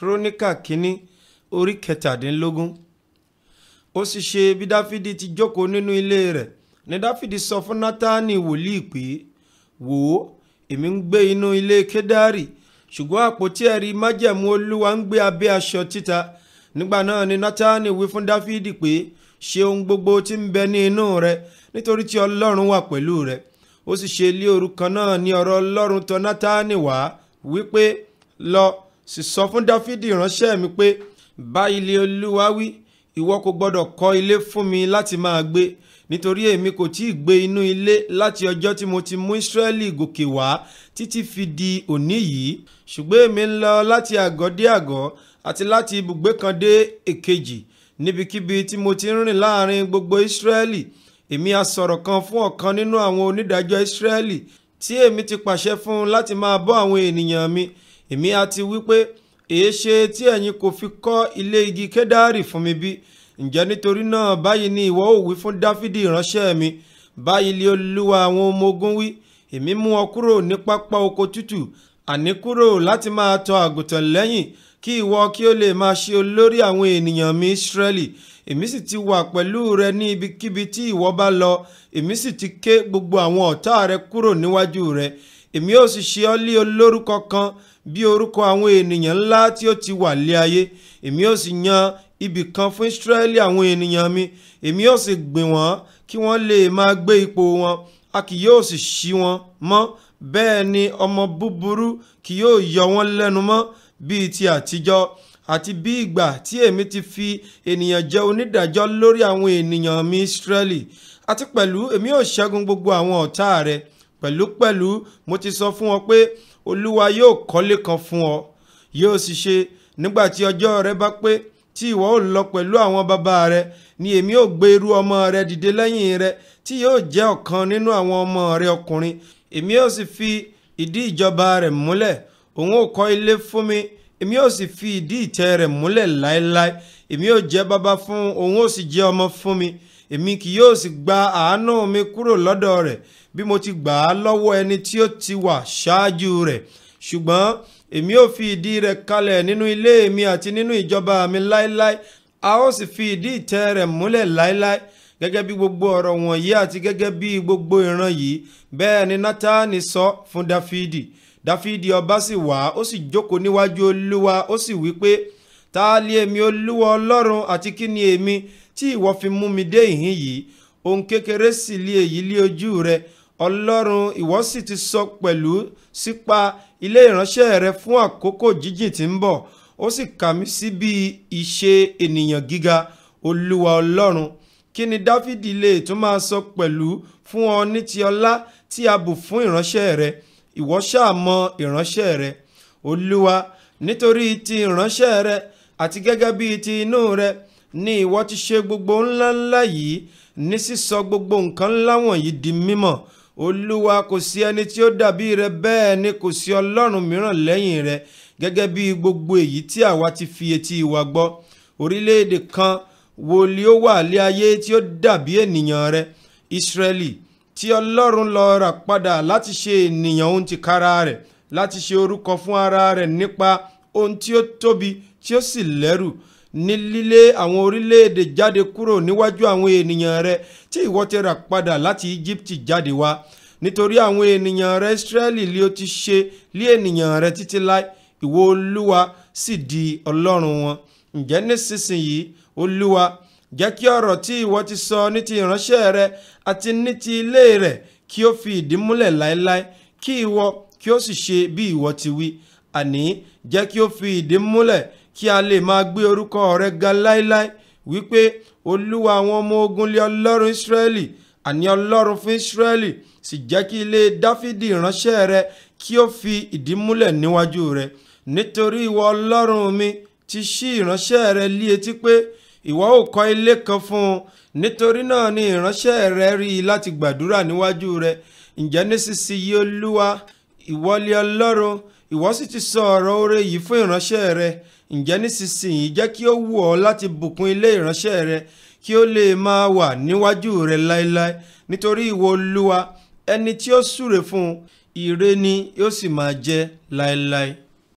kíróníkà kínní orí kẹtàdínlógún ó sì ṣe bí dáfídì ti jókòó nínú ilé rẹ ni dáfídì sọ fún nátánì wòlíì pé wò ó èmi ń gbé inú ilé kédárì ṣùgbọ́n àpótí ẹ̀rí májẹ̀mú olúwa ń gbé abẹ́ aṣọ títa nígbà náà ni nátánì wí fún dáfídì pé ṣe ohun gbogbo ti ń bẹ ní inú rẹ nítorí tí ọlọ́run wà pẹ̀lú rẹ ó sì ṣe ilé òrukàn náà ní ọ̀rọ̀ ọlọ́run tọ́ nátánì wá wípé lọ sì sọ fún dáfídì ìránṣẹ́ mi pé bá ilé olúwa wí ìwọ kò gbọdọ̀ kọ́ ilé fún mi láti máa gbé nítorí èmi kò tí ì gbé inú ilé láti ọjọ́ tí mo ti mú Ísírẹ́lì gòkè wá títí fi di òní yìí ṣùgbọ́n èmi ń lọ láti àgọ́ dé àgọ́ àti láti ibùgbé kan dé èkejì níbikíbi tí mo ti ń rìn láàrin gbogbo Ísírẹ́lì èmi á sọ̀rọ̀ kan fún ọ̀kan nínú àwọn onídàájọ́ Ísírẹ́lì tí èmi ti pàṣẹ fún láti máa bọ́ àwọn ènìyàn mi èmi á ti wí pé èéṣe tí ẹ̀yin kò fi kọ́ ilé igi kédárì fún mi bí ǹjẹ́ nítorí náà báyìí ni ìwọ ó wí fún dáfídì ìránṣẹ́ mi báyìí lé olúwa àwọn ọmọ ogun wí èmi mú ọ kúrò ní pápá oko tútù àní kúrò láti máa tọ àgùntàn lẹ́yìn kí ìwọ kí o lè máa ṣe olórí àwọn ènìyàn mi Ísírẹ́lì èmi sì ti wà pẹ̀lú rẹ ní ibikíbi tí ìwọ bá lọ èmi sì ti ké gbogbo àwọn ọ̀tá rẹ kúrò níwájú rẹ èmi ó sì ṣe ọ́ lé olórúkọ kan bí orúkọ àwọn ènìyàn ńlá tí ó ti wà lé ayé èmi ó sì yan ibì kan fún Ísírẹ́lì àwọn ènìyàn mi èmi ó sì gbìn wọ́n kí wọ́n lè máa gbé ipò wọn a kì yóò sì ṣí wọn mọ́ bẹ́ẹ̀ ni ọmọ búburú kì yóò yọ wọ́n lẹ́nu mọ́ bíi ti àtijọ́ àti bí ìgbà tí èmi ti fi ènìyàn jẹ onídàájọ́ lórí àwọn ènìyàn mi Ísírẹ́lì àti pẹ̀lú èmi ó ṣẹ́gun gbogbo àwọn ọ̀tá rẹ̀ pẹ̀lúpẹ̀lú mo ti sọ fún ọ pé olúwa yóò kọ́lé kan fún ọ yóò sì ṣe nígbà tí ọjọ́ rẹ bá pé tí ìwọ ò lọ pẹ̀lú àwọn bàbá rẹ ni èmi ò gbé irú ọmọ rẹ dìde lẹ́yìn rẹ tí yóò jẹ́ ọ̀kan nínú àwọn ọmọ rẹ ọkùnrin èmi ò sì fi ìdí ìjọba rẹ̀ múlẹ̀ òun ò kọ́ ilé fún mi èmi ò sì fi ìdí ìtẹ́ rẹ̀ múlẹ̀ láéláé èmi ò jẹ́ bàbá fún òun ò sì jẹ́ ọmọ fún mi èmi kì yóò sì gba àánú mi kúrò lọ́dọ̀ rẹ̀ bí mo ti gbà á lọ́wọ́ ẹni tí ó ti wà ṣáájú rẹ̀ ṣùgbọ́n èmi ò fi ìdí rẹ̀ kalẹ̀ nínú ilé mi àti nínú ìjọba mi láéláé a ó sì fi ìdí ìtẹ́ rẹ̀ múlẹ̀ láéláé gẹ́gẹ́ bí gbogbo ọ̀rọ̀ wọ̀nyí àti gẹ́gẹ́ bí gbogbo ìran yìí bẹ́ẹ̀ ni Nátánì sọ fún Dáfídì Dáfídì ọba sì wá ó sì jókòó níwájú Olúwa ó sì wí pé ta li èmi Olúwa Ọlọ́run àti kí ni èmi tí ìwọ fi mú mi dé ìhín yìí ohun kékeré sì lé èyí lé ojú rẹ ọlọ́run ìwọ sì ti sọ pẹ̀lú sípa ilé ìránṣẹ́ rẹ fún àkókò jíjìn tí ń bọ̀ ó sì kà mí sí bí ìṣe ènìyàn gíga olúwa ọlọ́run kí ni dáfídì lè tún máa sọ pẹ̀lú fún ọ ní ti ọlá tí a bù fún ìránṣẹ́ rẹ ìwọ ṣáà ìránṣẹ́ rẹ olúwa nítorí ti ìránṣẹ́ rẹ àti gẹ́gẹ́ bíi ti inú rẹ ni ìwọ ti ṣe gbogbo ńlá ńlá yìí ní sísọ gbogbo nǹkan ńlá wọ̀nyí di mímọ̀ olúwa kò sí ẹni tí ó dàbí rẹ bẹ́ẹ̀ ni kò sí ọlọ́run mìíràn lẹ́yìn rẹ gẹ́gẹ́ bí gbogbo èyí tí àwa ti fi etí wa gbọ́ orílẹ̀-èdè kan wo li ó wà lé ayé tí ó dàbí ènìyàn rẹ ìsírẹ́lì tí ọlọ́run lọ rà padà láti ṣe ènìyàn òun ti kára rẹ̀ láti ṣe orúkọ fún ara rẹ̀ nípa ohun tí ó tóbi tí ó sì lẹ́rù ní lílé àwọn orílẹ̀-èdè jáde kúrò níwájú àwọn ènìyàn rẹ tí ìwọ ti rà padà láti Egypt jáde wá nítorí àwọn ènìyàn rẹ Israẹli li o ti ṣe lé ènìyàn rẹ títí láì ìwọ Olúwa sì di Ọlọ́run wọn ǹjẹ́ nísinsìnyí Olúwa jẹ́ kí ọ̀rọ̀ tí ìwọ ti sọ ní ti ìránṣẹ́ rẹ àti ní ti ilé rẹ̀ kí ó fi ìdí múlẹ̀ láéláé kí ìwọ kí ó sì ṣe bí ìwọ ti wí àní jẹ́ kí ó fi ìdí múlẹ̀ kí a lè máa gbé orúkọ rẹ ga láéláé wípé olúwa àwọn ọmọ ogun lé ọlọ́run ìsírẹ́lì àní ọlọ́run fún ìsírẹ́lì sì jẹ́ kí ilé dáfídì ìránṣẹ́ rẹ kí ó fi ìdí múlẹ̀ níwájú rẹ nítorí ìwọ ọlọ́run mi ti ṣí ìránṣẹ́ rẹ lé etí pé ìwọ ò kọ́ ilé kan fún un nítorí náà ni ìránṣẹ́ rẹ rí i láti gbàdúrà níwájú rẹ ǹjẹ́ nísinsìnyí olúwa ìwọ lé ọlọ́run ìwọ sì ti sọ ọ̀rọ̀ oore yìí fún ìránṣẹ́ rẹ ǹjẹ́ nísinsìnyí jẹ́ kí ó wù ọ́ láti bùkún ilé ìránṣẹ́ rẹ kí ó lè máa wà níwájú rẹ láéláé nítorí ìwọ Olúwa ẹni tí ó súre fún ire ni yóò sì máa jẹ́ láéláé.